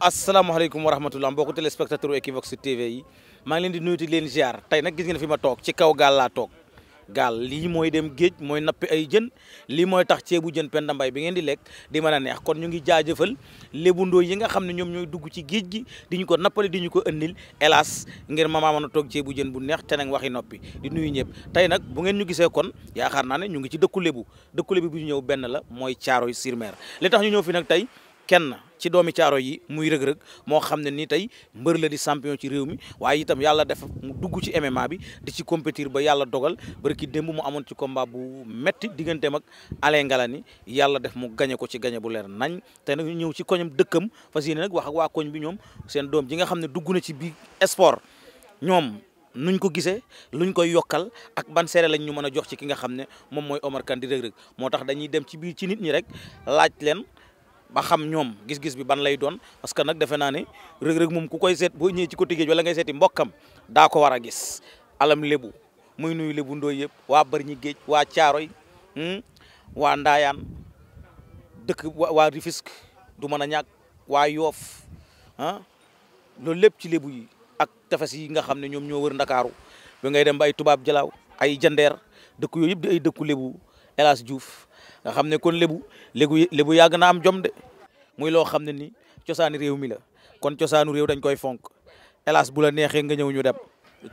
asalaamaaleykum wa rahmatulah mbokki téléspectateur Equivox TV yi maa ngi di nuyu di leen ziar tey nag gis ngeen fi ma toog ci kaw gaal laa toog gaal lii mooy dem géej mooy nappi ay jën lii mooy tax ceebu jën Penda Mbaye bi ngeen di lekk di mën a neex kon ñu ngi jaajëfal lébundoo yi nga xam ne ñoom ñooy dugg ci géej gi di ñu ko nappale di ñu ko ëndil hélas ngir mama mën a toog ceebu jën bu neex te nag waxi noppi di nuyu ñëpp tey nag bu ngeen ñu gisee kon yaakaar naa ne ñu ngi ci dëkku lébu dëkku ñëw benn la mooy Thiaroye sur Mer li tax ñu ñëw fi nag tey kenn ci doomi caaro yi muy rëg-rëg moo xam ne ni tey mbër la di champion ci réew mi waaye itam yàlla def mu dugg ci MMA bi di ci compétir ba yàlla dogal bari ki démb mu amoon ci combat bu metti digganteem ak Alain Ngalani yàlla def mu gañe ko ci gañe bu leer nañ te nag ñëw ci koñam dëkkam fas yéene nag wax ak waa koñ bi ñoom seen doom ji nga xam ne dugg na ci biir sport ñoom nuñ ko gisee luñ koy yokkal ak ban seere lañ ñu mën a jox ci ki nga xam ne moom mooy Omar Kane di Reug moo tax dañuy dem ci biir ci nit ñi rek laaj ba xam ñoom gis-gis bi ban lay doon parce que nag defe naa ne rëg-rëg moom ku koy seet boo ñëwee ci côté géej wala ngay seeti mbokkam daa ko war a gis alam lébu muy nuyu lébu ndooy yëpp waa Bargny géej waa Caaroy hmm, waa Ndaayaan dëkk waa Rufisque du mën a ñàkk waa Yoof ah loolu lépp ci lébu yi ak tefes yi nga xam ne ñoom ñoo war ndakaaru bi ngay dem ba ay tubaab jalaaw ay jandeer dëkk yooyu yëpp ay dëkku lébu El Hadj nga xam ne kon lébu lébu lébu yàgg na am jom de muy loo xam ne ni cosaani réew mi la kon cosaanu réew dañ koy fonk hélas bu la neexee nga ñëw ñu dem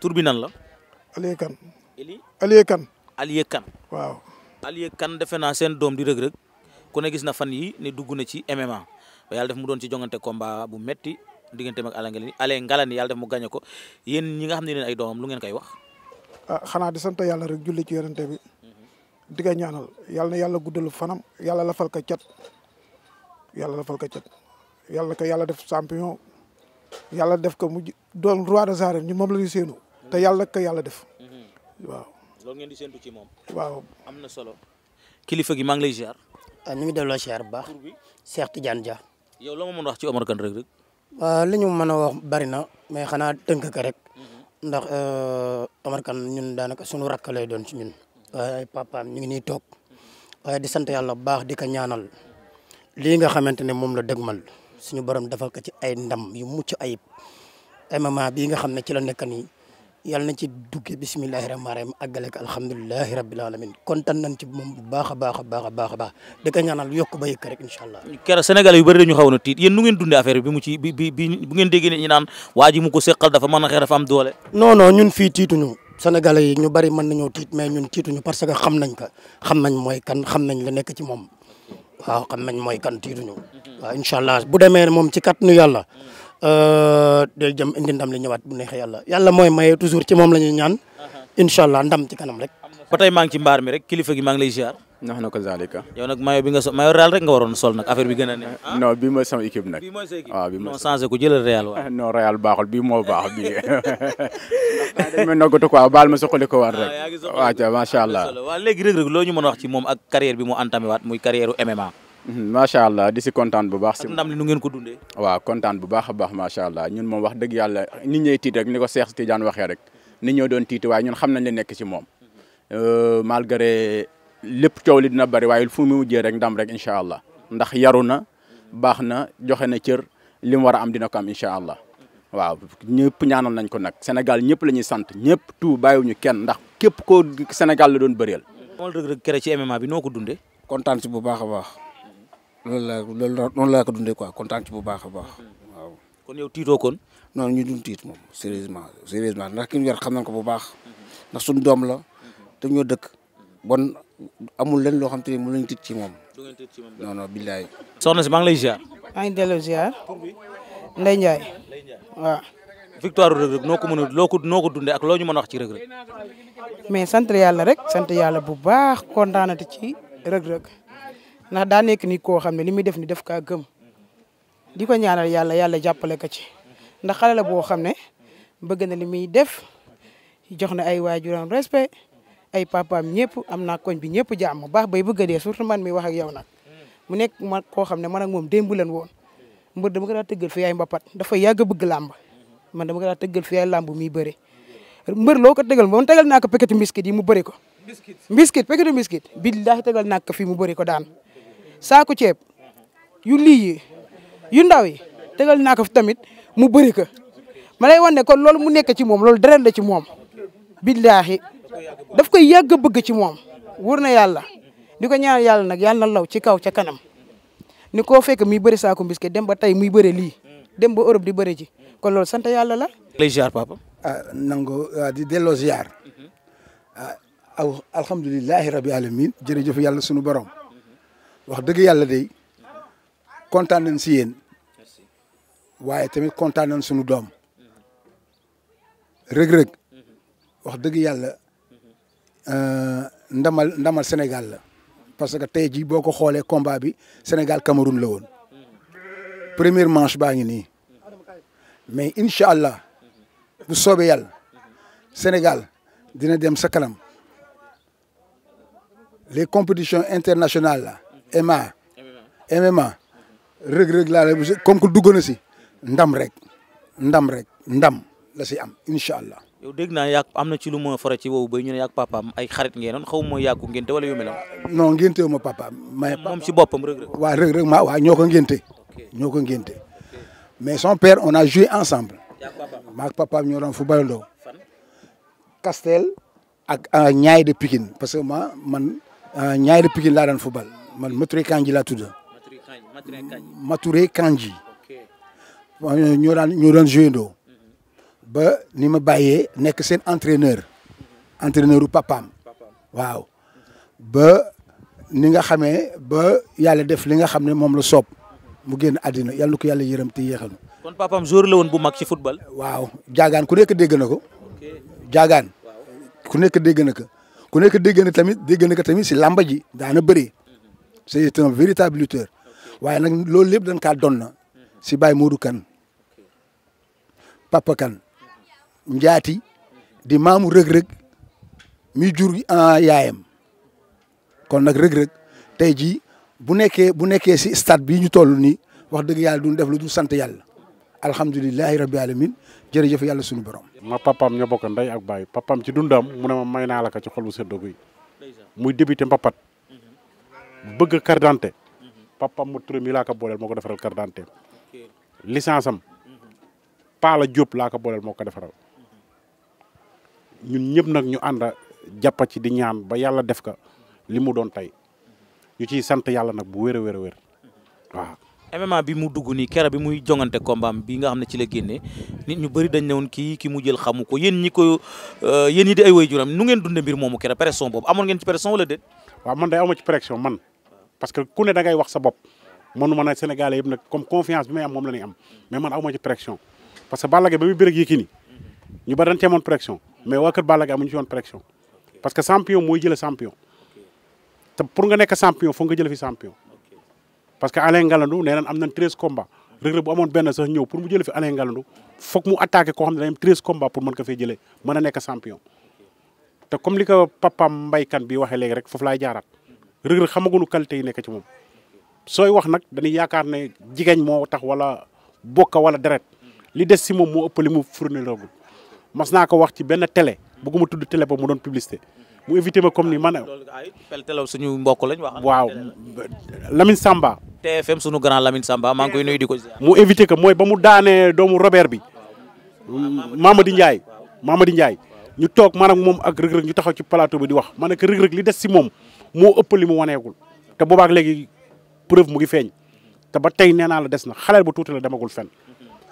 tur nan la. Aliou Kane. Aliou Kane. Aliou waaw. Aliou Kane defe naa seen doom di rëg-rëg ku ne gis na fan yi ne dugg na ci MMA ba yàlla def mu doon ci jongante combat bu metti digganteem ak Alain Ngalani Alain Ngalani yàlla def mu gañe ko yen ñi nga xam ne leen ay doomam lu ngeen koy wax. ah xanaa di sant yàlla rek julli ci yorante bi. di ko ñaanal yàlla na yàlla guddal fanam yàlla lafal ko cat yàlla lafal ko cat yàlla ko yàlla def champion yàlla def ko mu doon roi des arènes ñu moom la ñu séenu te yàlla ko yàlla def mm-hmm. waaw. loolu ngeen di séentu ci moom. waaw am na solo. kilifa gi maa ngi lay ziar. Ah, ñu ngi delloo ziar bu baax. Cheikh Tidiane Dia. yow la ma mën wax ci Omar Kane Reug Reug. Ah, li ñu mën a wax bari na mais xanaa tënk ka rek. Mm-hmm. ndax euh, Omar Kane ñun daanaka suñu rakk doon ci ñun. waaye ay papaam ñu ngi nii toog waaye di sant yàlla bu baax di ko ñaanal lii nga xamante ne moom la dëgmal suñu borom defal ko ci ay ndam yu mucc ayib MMA bii nga xam ne ci la nekk nii yàlla na ci dugge bisimilahi rahmaani rahim àggale ko alhamdulilahi rabil alamin kontaan nañ ci moom bu baax a baax a baax a baax di ñaanal yokk ba yëkk rek incha allah. keroog Sénégal yu bëri dañu xaw na tiit yéen nu ngeen dundee affaire bi mu ci bi bi ngeen déggee ne naan waa ji mu ko seqal dafa mën a xeex dafa am doole. sénégal yi ñu bari mën nañoo tiit mais ñun tiituñu parce que xam nañ ko xam nañ mooy kan xam nañ la nekk ci moom waaw xam nañ mooy kan tiituñu waaw incha allah bu demee moom ci kat nu yàlla euh, day jëm indi ndam li ñëwaat bu neexee yàlla yàlla mooy maye toujours ci moom lañu ñaan incha allah ndam ci kanam rek. ba tey maa ci mbaar mi rek kilifa gi maa ngi lay ziar. wax na ko Zalika. yow nag maillot bi nga sol maillot Real rek nga waroon sol nag affaire bi gën a ne. Ah, non bii mooy sama équipe nag. bii mooy sa équipe waaw ah, bii mooy. changé ko jëlal Real waaw. non Real baaxul bii moo baax bii. ndax dañu ma noggatu quoi baal ma soxali ko war rek. Ah, waaw yaa macha allah. waaw léegi rek rek loo ñu mën a wax ci moom ak carrière bi mu entamé waat muy carrière MMA. Mhm, macha allah di si kontaan bu baax. si ndam li nu ngeen ko dundee. waaw kontaan bu baax a baax macha allah ñun moom wax dëgg yàlla nit ñooy tiit rek ni ko Cheikh Tidiane waxee rek nit ñoo doon tiit waaye ñun xam nañ li nekk ci moom. Mhm. Euh, malgré lépp coow li dina bari waaye fu mu mujjee rek ndam rek incha allah ndax yaru na baax na joxe na cër li mu war a am dina ko am incha allah waaw ñëpp ñaanal nañ ko nag Sénégal ñëpp la ñuy sant ñëpp wu ñu kenn ndax képp koo Sénégal la doon bëreel. moom Reug Reug kere ci MMA bi noo ko dundee. kontaan ci bu baax a baax loolu laa loolu laa ko dundee quoi kontaan bu baax a baax waaw. kon yow tiitoo kon. non ñu dun tiit moom sérieusement sérieusement ndax ki ñu yor xam nañ ko bu baax ndax suñu doom la te ñoo dëkk amul lenn loo xam te ni mën nañu tiit ci moom. du ngeen soxna si maa lay ziar. maa ngi delloo victoire Reug Reug noo ko mën a loo ko noo ak loo ñu mën wax ci Reug Reug. mais sant yàlla rek. sant yàlla bu baax kontaanate ci Reug Reug ndax daa nekk nit koo xam ne li muy def ni def kaa gëm di ko ñaanal yàlla yàlla jàppale ko ci ndax xale boo xam ne bëgg na li muy def jox na ay waajuram respect. ay papaam ñëpp am naa koñ bi ñëpp jàmm baax bay bëgg a dee surtout man mi wax ak yow nag mu nekk ma koo xam ne man ak moom démb leen woon mbër mu ko daa tëggal fi yaay mbapat dafa yàgg a bëgg làmb man dama ko daa tëggal fi yaay làmb miy bëre mbër loo ko tëggal moom tëggal naa ko paquetu biscuit yi mu bëri ko biscuit paquetu biscuit billaahi tëggal naa ko fii mu bëri ko daan saako ceeb yu lii ndaw yi tëggal naa ko fi tamit mu bëri ko ma lay wan ne loolu mu nekk ci moom loolu deret la ci moom billaahi daf koy yàgg a bëgg ci moom wóor na yàlla di ko ñaan yàlla nag yàlla na law ci kaw ca kanam ni koo fekk mii bëri saako mbiske dem ba tey muy bare lii dem ba Europe di bëre ji kon loolu sant yàlla la. lay ziar papa. ah nango ah, di delloo ziar ah alhamdulilahi rabi alamin jërëjëf yàlla sunu borom wax dëgg yàlla de kontaan nañ si yéen waaye tamit doom rëg-rëg wax dëgg yàlla. Euh, ndamal ndamal Sénégal la parce que tey jii boo ko xoolee combat bi Sénégal Cameroun la woon première manche baa ngi nii mais incha allah bu soobee yàlla Sénégal dina dem sa kanam les compétitions internationales la MMA MMA rëg-rëg la comme que dugg na si ndam rek ndam rek ndam la si am incha allah. yow dégg naa yàgg am na ci lu ma fara ci wow ba ñu ne yàgg papaam ay xarit ngeen doon xaw ma yàggu ngénte wala yu mel non ngénte wu ma papaam. mais moom si boppam rëg rëg. waaw rëg rëg ma waaw ñoo ko ngénte. ñoo ko ngénte mais son père on a joué ensemble. maak papaam ñoo doon footballandoo. Castel ak euh, Niayes de Pikine parce que ma man euh, Niayes de Pikine laa daan football man Maturé Kandji laa tudd. Maturé Kandji Maturé Kandji. ñoo daan ñoo doon joué ndoo ba ni ma bàyyee nekk seen entraîneur entraîneur u papaam waaw ba ni nga xamee ba yàlla def li nga xam ne moom la soob mu génn àddina yàlla na ko yàlla yërëm te yéexal kon papaam joueur la woon bu mag ci football. waaw jaagaan ku nekk dégg na ko jaagaan ku nekk dégg na ko ku nekk dégg tamit dégg na ko tamit si làmba ji daana bëri c'est un véritable waaye nag loolu lépp dan kaa doon na mhm. si Baye Modou Kane papa Kane njaati di maamu rëg-rëg mi jur ah, yaayam kon nag rëg-rëg tey jii bu nekkee bu nekkee si stade bi ñu toll nii wax dëgg yàlla duñ def lu du sant yàlla alhamdulilahi rabbi alamin jërëjëf yàlla suñu borom. ma papaam ñoo bokk ndey ak baay papaam ci dundam mu ne ma may naa la ko ci xol bu seddo guy muy débuté mbapat bëgg carte d'identité papaam ma turam yi laa ko booleel moo ko defaral carte d'identité licence am Paa laa ko booleel moo ko defaral. ñun ñëpp nag ñu ànd jàppa ci di ñaan ba yàlla def ka li mu doon tey ñu ci sant yàlla nag bu wér a wér a wér waaw. MMA bi mu dugg nii kera bi muy jongante combat bi nga xam ne ci la génne nit ñu bëri dañ ne woon kii ki mu jël xamu ko yéen ñi ko euh, yéen ñi di ay waajuram nu ngeen dundee mbir moomu kera pression boobu amoon ngeen ci man amoo ci pression man parce que ku ne da ngay wax sa bopp manuma nag Sénégalais yëpp nag comme confiance bi may am moom la ñuy am mais man aw ma ci pression parce que Balla Gaye ba muy bëreeg Yékini ñu ba dañ cee amoon mais waa kër Balla Gaye amuñu ci woon pression parce que champion mooy jëlee champion te pur nga nekk champion foog nga jëlee fi champion. parce que Alain Ngalandou nee naan am na treize combats Reug Reug bu amoon benn sax ñëw pour mu jëlee fi Alain Ngalandou foog mu attaqué koo xam ne dañuy am treize combats pour mën fee jëlee mën a nekk champion. te comme li ko papam mbaykan bi waxee léegi rek foofu laay jaaraat Reug Reug xamaguñu qualité yi nekk ci moom sooy wax nag dañuy yaakaar ne jigéen moo tax wala bokka wala deret li des moom moo ëpp li mu fournir mas naa ko wax ci benn télé bëgguma tudd télé ba mu doon publicité mu éviter ma comme ni man. pel télé suñu mbokk lañ wax. waaw lamin Samba. TFM suñu grand Lamine Samba maa ngi koy nuyu di ko. mu éviter que mooy ba mu daanee doomu Robert bi Mamadi Ndiaye di Ndiaye ñu toog man moom ak rëg-rëg ñu taxaw ci plateau bi di wax ma ne que rëg-rëg li des si moom moo ëpp li mu waneegul te boobaak léegi preuve mu ngi feeñ te ba tey nee naa la des na xale bu tuuti la demagul fenn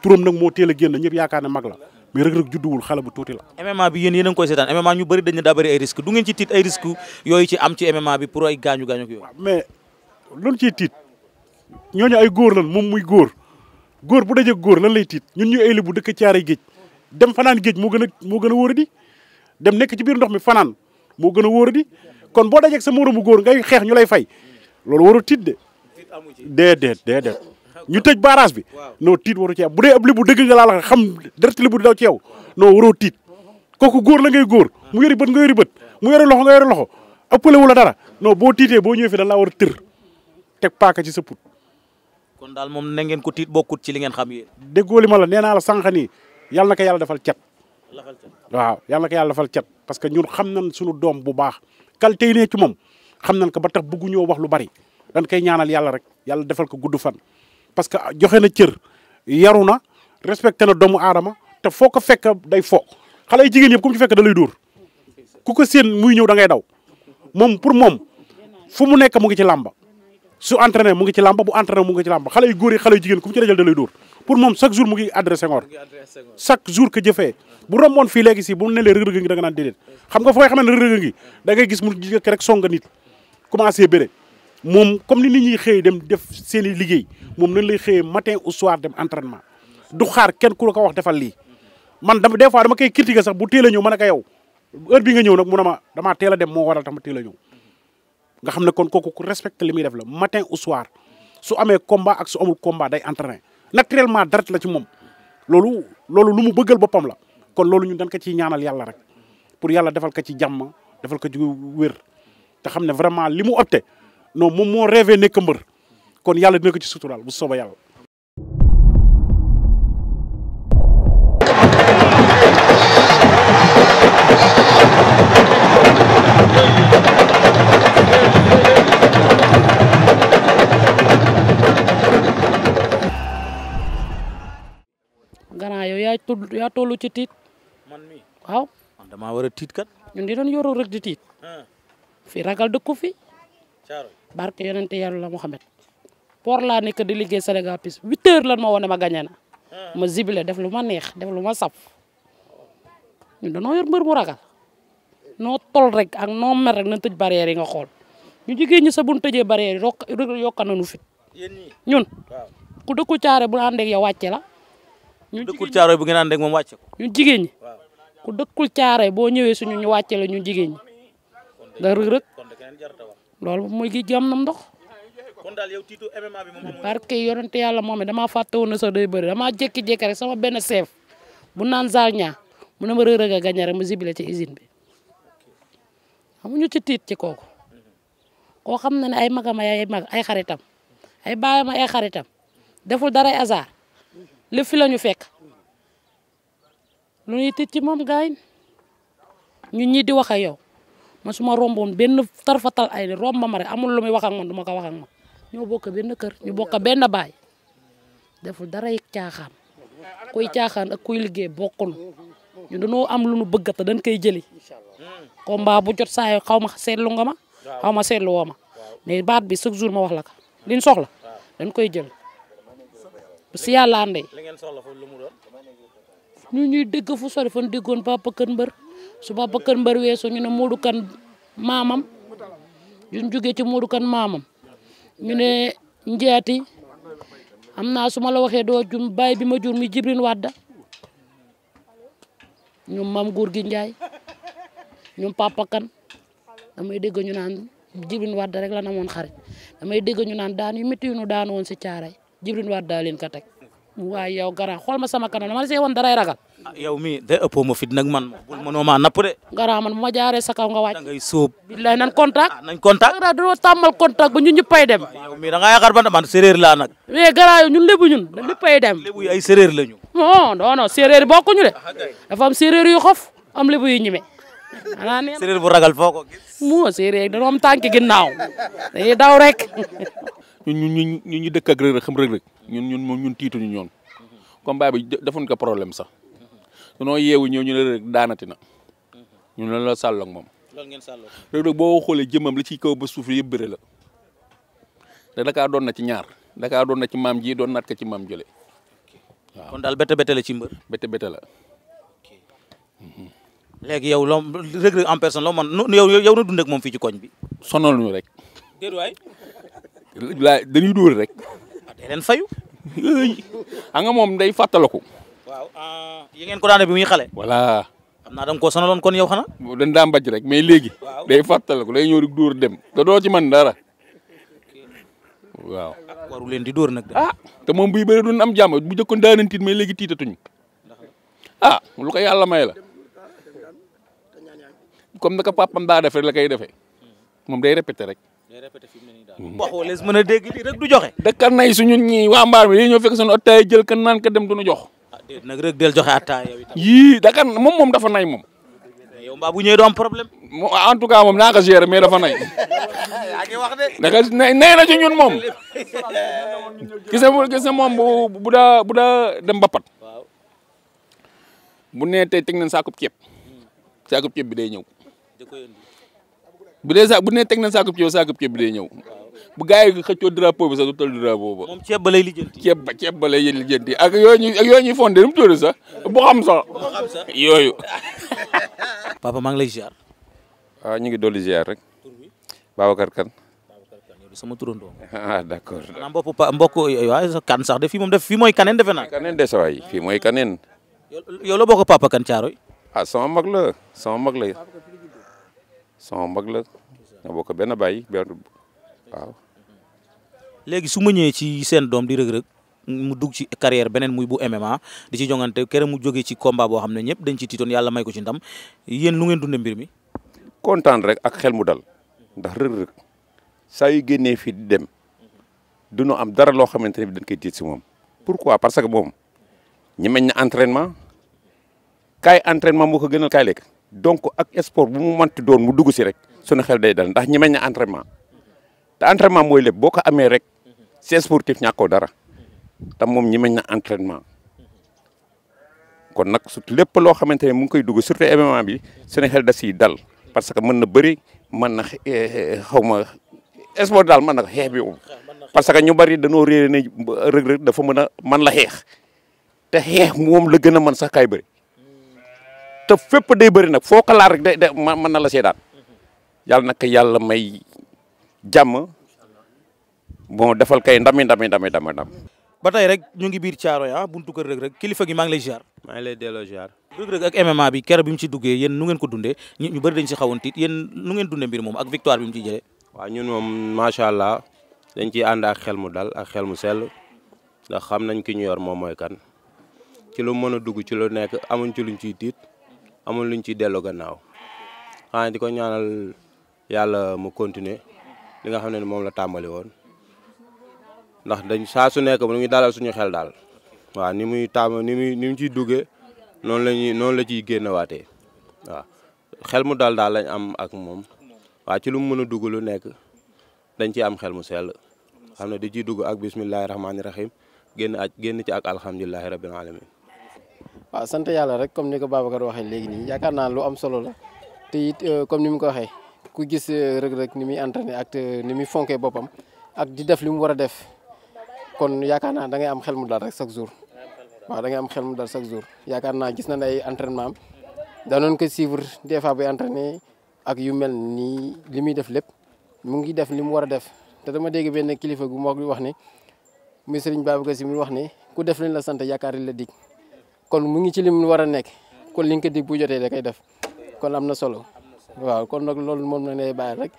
turam nag moo teel a génn ñëpp yaakaar ne mag la. mais Reug Reug judduwul xale tuuti la. MMA bi yéen yéen a ngi koy seetaan MMA ñu bëri dañ daa bëri ay risque du ci tiit ay risque yooyu ci am ci MMA bi pour ay gaañu gaañu ak yooyu. mais loolu ciy tiit ñooñu ay góor lan moom muy góor góor bu dajeeg góor lan lay tiit ñun ñu ay li bu dëkk caaray géej dem fanaan géej moo gën a moo gën a wóor di dem nekk ci biir ndox mi fanaan moo gën a wóor di kon boo dajeeg sa moromu góor ngay xeex ñu lay fay loolu warul tiit de déedéet déedéet ñu tëj barrage bi non tiit waru ci am bu dee ab li bu dëgg nga laa la xam deret li bu daw ci yow non waroo tiit kooku góor na ngay góor mu yori bët nga yori bët mu yori loxo nga yori loxo ëppale wu la dara noo boo tiitee boo ñëwee fi laa war a tër teg paaka ci sa put kon daal moom na ngeen ko tiit bokkut ci li ngeen xam yéen déggoo li ma la nee naa la sànq nii yàlla ko yàlla defal cet waaw yàlla na ko yàlla defal cet parce que ñun xam nañ suñu doom bu baax qualité yi ne ci moom xam nañ ko ba tax bëgguñoo wax lu bari dañ koy ñaanal yàlla rek yàlla defal ko gudd fan parce que joxe na cër yaru na respecté na doomu aadama te foo ko fekk day fo xale yi jigéen yëpp ku mu ci fekk da lay dóor ku ko séen muy ñëw da daw moom pour moom fu mu nekk mu ngi ci làmba su entraîné mu ngi ci làmba bu entraîné mu ngi ci làmba xale yu góor yi xale yu jigéen ku mu dajal da lay dóor pour moom chaque jour mu ngi adressé Senghor chaque jour que jëfee bu romboon fii si bu ne lee rëg-rëg ngi da nga naan déedéet xam nga fooy xamee ne rëg moom comme ni nit ñuy xëyee dem def seen i liggéey moom nañ lay xëyee matin au soir dem entraînement du xaar kenn ku la ko wax defal lii man dama des fois dama koy critiquer sax bu teel a ñëw ma ne yow heure bi nga ñëw nag mu ma damaa teel a dem moo waral tax ma teel a ñëw nga xam ne kon kooku ku respecté li muy def la matin au soir su amee combat ak su amul combat day entraîné naturellement deret la ci moom loolu loolu lu mu bëggal boppam la kon loolu ñun dañ ko ciy ñaanal yàlla rek pour yàlla defal ko ci jàmm defal ko ci wér te xam ne vraiment li mu opté non moom moo rêvé nekk mbër kon yàlla dina ci suturaal bu sooba yàlla. gannaaw yow yaa tudd yaa tollu ci tiit. waaw. man damaa tiit kat. ñun di doon yoroo di tiit. fi ragal dëkku fi. barke yonente yàlla Muhammad port laa nekk di liggéey Sénégal plus huit heures lan ma wone ma gagné na ah. ma zibilé def lu ma neex def lu ma saf ñun danoo yor mbër mu ragal noo tol rek ak noo mer rek nañ tëj barrière yi nga xool ñu jigéen ñi sa buñ tëjee barrière yi yokka nañu fit ñun ku dëkku caare bu ànd ak yow wàcce la ñu dëkkul caare bu ngeen ànd ak moom wàcce ñu jigéen ñi ku dëkkul caare boo ñëwee suñu ñu wàcce la ñu jigéen ñi da rëg rëg loolu mooy gi jam nam ndox. kon daal barke yonente yàlla moom it damaa fàtte woon ne sax day bëri damaa jékki-jékki rek sama benn chef bu naan Zarña mu ne ma rëg a gañe mu zibilé ci usine bi amuñu ci tiit ci kooku koo xam ne ne ay magama ay mag ay xaritam ay baayam ay xaritam deful dara hasard lépp fi la ñu fekk lu ñuy tiit ci moom gaañ ñun ñi di wax yow. man su ma romboon benn tarfatal ay ni ma rek amul lu muy wax ak man du ma ko wax ak man ñoo bokk benn kër ñu bokk benn baay deful dara yëg caaxaan kuy caaxaan ak kuy liggéey bokkunu ñu dañoo am lu nu bëgg te dañ koy jëli combat bu jot saa yoo xaw ma seetlu nga ma xaw ma woo ma mais baat bi chaque jour ma wax la ko liñ soxla dañ koy jël si yàlla àndee ñu ñuy dégg fu sori fan déggoon papa kër mbër su Papa Kane Mbër weesoo ñu ne Modou Kane maamam ñu jógee ci Modou Kane maamam ñu ne njaati am naa su ma la waxee doo jum baay bi ma jur mi Jibrin Wadda ñoom maam góor gi Njaay ñoom Papa Kane damay dégg ñu naan Jibrin Wadda rek la moon xarit damay dégg ñu naan daan yu métti yu nu daan woon si caaray Jibrin Wadda leen ka teg waaye yow garaaw xool ma sama kanam dama la see woon daray ragal. Ah, yow mii day ëppoo ma fit nag man bul mënoo maa napp de. garaaw man bu ma jaaree sa kaw nga wàcc. da ngay sóob. billaay nan contact. Ah, nañ contact garaaw dañoo tàmmal contact ba ñun ñëppay dem. yow mii da ngaa yaakaar ba man séeréer laa nag. mais eh, garaaw ñun lébu ñun léppay dem. yi ay séeréer lañu. non non ah, am séeréer yu xof am lébu yu ñime. xanaa nee séeréer bu ragal foo ko gis. mu séeréer dañoo am daw rek ñun ñu ñu ñu dëkk ak xam rëg ñun ñun moom ñun tiituñu ñoon combat bi defuñ ko problème sax noo yeewu ñëw ñu ne rëg daanati na ñun loolu la sàlloog moom. loolu ngeen sàlloog boo xoolee jëmam la ci kaw ba suuf yëpp bëre la te dakaa doon na ci ñaar dakaa doon na ci maam ji doon naat ko ci maam jële waaw kon daal la ci mbër. bette bette la. yaw mhm. yow loo Reug man yow yow na dund moom fii ci koñ bi. sonal ñu rek. la dañuy dóor rek. Ah, day leen fayu. xam nga moom day fàttaliku. waaw ah, yi ngeen ko daan bi muy xale. voilà. xam naa da nga kon yow xanaa. dañ daa mbaj rek mais léegi. day fàttaliku day ñëw rek dóor dem te doo ci mën dara. waaw. Ah, waru leen di dóor nag. ah te moom buy bëri doon am jàmm bu njëkkoon daanañ tiit mais léegi tiitatuñu ah lu ko yàlla may la comme naka papam daa defee la koy defee hmm. moom day répété rek. Mm-hmm. waxoo lees mën a dégg lii rek nay su ñun ñii waa mbaar mi fekk seen attaay jël kan naan ka dem du ñu jox. ah déedéet nag rek del joxe attaay da kan moom moom dafa nay moom. bu ñëwee doo am problème. en tout cas moom naa ko gérer mais dafa nay. yaa ngi wax de. nay na ci ñun moom. gis nga gis nga moom bu bu daa bu daa dem ba pat. bu nee tey teg nañ saakub ceeb. Mm. saakub ceeb bi day ñëw. bu dee bu ne teg na saakub ceeb saakub ceeb bi day ñëw bu gars yi xëccoo drapeau bi sax du toll drapeau ba. moom ceeb ba ceeb ba ceeb ba lay lijjanti ak yooyu ñuy ak yooyu ñuy fondé nu mu tudd sax bu xam sax. yooyu. papa maa ngi lay ziar. waaw ah, ñu ngi dolli ziar rek. Babacar Kane. turandoo. ah d' accord. maanaam mbokku pa mbokku waaye kan sax de fii moom def fii mooy kaneen defe naa. kaneen de sa waay fii mooy kaneen. yow la bokk papa kan Thiaroye. ah sama mag la sama mag la. sama mag la nga bokk benn baay benn waaw. léegi su ma ñëwee ci seen doom di rëg-rëg mu dugg ci carrière beneen muy bu MMA di ci jongante kere mu jógee ci combat boo xam ne ñëpp dañ ci tiitoon yàlla may ko ci ndam yéen lu ngeen dundee mbir mi. kontaan rek ak xel mu dal ndax rëg-rëg saa yu génnee fii dem du am dara loo xamante ne bi dañ koy tiit si moom. pourquoi parce que moom ñi meñ na entraînement kaay entraînement moo ko gënal kaay lekk. donc ak sport bu mu mënti doon mu dugg si rek sunu xel day dal ndax ñi meñ na entraînement te entraînement mooy lépp boo ko amee rek si sportif ñàkkoo dara te moom ñimañ na entraînement kon nag surtout lépp loo xamante ne mu ngi koy dugg surtout événement bi sunu xel da si dal parce que mën na bëri man na eh, xaw ma sport daal mën na ko xeex bi parce que ñu bari dañoo réeré ne Reug Reug dafa mën a mën la xeex te xeex moom la gën a mën sax kaay bëri te fépp day bari nag foo ko laal rek day na la seedaan yàlla nag yàlla may jàmm bon defal kay ndami ndami ndami ndami ndam ba tey rek ñu ngi biir Thiaroye ah buntu kër Reug Reug kilifa gi maa ngi lay ziar. maa ngi lay delloo ziar. ak MMA bi keroog bi mu ci duggee yéen nu ngeen ko dundee ñu bëri dañ si xawoon tiit yéen nu ngeen dundee mbir moom ak victoire bi mu ci jëlee. waaw ñun moom macha allah dañ ciy ànd ak xel mu dal ak xel mu sell ndax xam nañ ki ñu yor moom mooy kan ci lu mën a dugg ci lu nekk amuñ ci luñ ciy tiit. amul luñ ciy delloo gannaaw xanaa di ko ñaanal yàlla mu continuer li nga xam ne moom la tàmbali woon ndax dañ saa su nekk mu ngi suñu xel daal waaw ni muy tàmm ni muy ni mu ciy duggee noonu la ñuy noonu la ciy génnewaatee waaw xel mu dal daal lañ am ak moom waaw ci lu mu mën a dugg lu nekk dañ ciy am xel mu sell xam ne di ciy dugg ak bismillahi rahmaani rahim génn ak génn ci ak alhamdulilahi rabbil alamin waaw sant yàlla rek comme ni ko Babacar waxee léegi nii yaakaar naa lu am solo la te it euh, comme ni mu ko waxee ku gis euh, rëg-rëg ni muy entraîné ak euh, ni muy fonkee boppam ak di def li mu war a def kon yaakaar naa da am xel mu dal rek chaque jour waaw da am xel mu dal chaque jour yaakaar naa gis na ay entraînement am danoon ko suivre des fois ak yu mel nii li muy def lépp mu ngi def li mu war a def te dama dégg benn kilifa gu mag bi wax ne muy Sëriñ Babacar Si muy wax ne ku def leen la sant yakaa la kon mu ngi ci lim war a nekk kon li nga ko dig bu jotee da koy def kon am na solo waaw kon nag loolu moom la lay bàyyi rek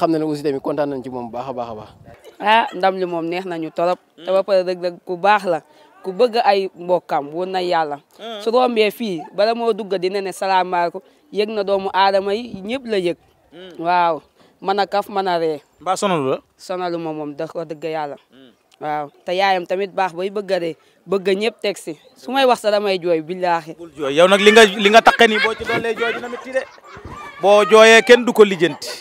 xam na ne aussi tamit kontaan nañ ci moom bu baax a baax a baax. ah moom neex nañu torop te ba pare rek ku baax la. ku bëgg ay mbokkam woon na yàlla hmm. su rombee fii bala moo dugg dina ne salaamaaleykum yëg na doomu aadama yi ñëpp la yëg hmm. waaw man a kaf mën a ree mbaa sonalu la sonalu ma moom da ko dëgg yàlla hmm. waaw te yaayam tamit baax bay bëgg a ree bëgg ñëpp teg si su may wax sax damay jooy billaahi. bul jooy yow nag li nga li nga taqe nii boo ci doolee jooy boo jooyee kenn du ko lijjanti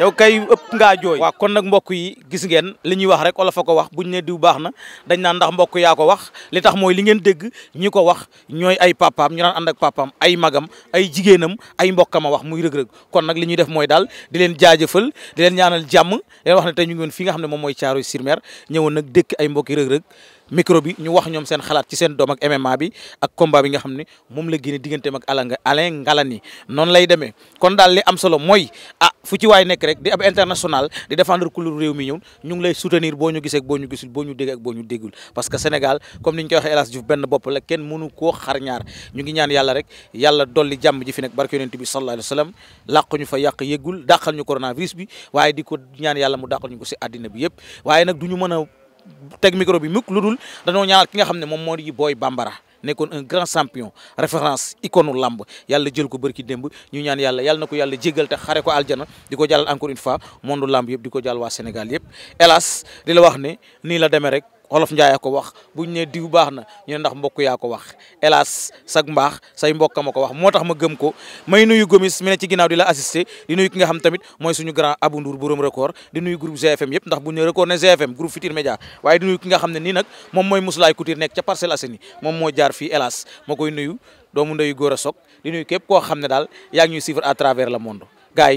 yow kay ëpp ngaa jooy. waaw kon nag mbokk yi gis ngeen li ñuy wax rek olof a ko wax buñ ne diw baax na dañ naan ndax mbokk yaa ko wax li tax mooy li ngeen dégg ñi ko wax ñooy ay papaam ñu daan ànd ak papaam ay magam ay jigéenam ay mbokkam a wax muy rëg-rëg kon nag li ñuy def mooy daal di leen jaajëfal di leen ñaanal jàmm di leen wax ne te ñu ngi fi nga xam ne moom mooy Thiaroye sur Mer ñëwoon nag ay mbokki rëg-rëg micro bi ñu wax ñoom seen xalaat ci seen doom ak MMA bi ak combat bi nga xam ne moom la génne digganteem ak Alanga lay demee kon daal li am solo mooy a ah, fu ci waay nekk rek di ab international di defender couleur réew mi ñëw ñu ngi lay soutenir boo ñu gisee ak ñu gisul boo ñu dégg boo ñu déggul parce que Sénégal comme ni ñu koy waxee El benn bopp la kenn mënu koo xar ñaar ñu ngi ñaan yàlla rek yàlla dolli jàmm ji fi nekk barke yonent bi sallallahu alayhi wa sallam làqu ñu fa yàq yëggul dàqal ñu coronavirus bi waaye di ko ñaan yàlla mu dàqal ñu ko si àddina bi yëpp teg micro bi mukk lu dul danoo ñaanal ki nga xam ne moom moo di Boy Bambara nekkoon un grand champion référence icône lamb yàlla jël ko bërki demb ñu ñaan yàlla yàlla na ko yàlla jégal te xare ko aljana di ko jàllal encore une fois monde lamb yëpp di ko jàll waa Sénégal yëpp hélas di la wax ne nii la demee rek olof njaay a ko wax buñ ne diw baax na ñu ndax mbokk yaa ko wax hélas sag mbaax say mbokk ma ko wax moo tax ma gëm ko may nuyu gomis mi ne ci ginnaaw di la assister di nuyu ki nga xam tamit mooy suñu grand Abou Ndour borom record di nuyu groupe GFM yëpp ndax buñ ne record ne GFM groupe Futur Média waaye di nuyu ki nga xam ne nii nag moom mooy Moussoulaye Couture nekk ca Parcelles Assainies moom moo jaar fii hélas ma koy nuyu doomu ndeyu góor a soog di nuyu képp koo xam ne daal yaa ngi ñuy à travers le monde gars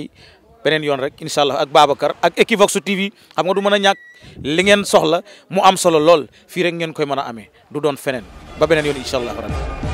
beneen yoon rek incha allah ak Babacar ak Equivox TV am nga du mën a ñàkk li ngeen soxla mu am solo lool fii rek ngeen koy mën a amee du doon feneen ba beneen yoon incha allah.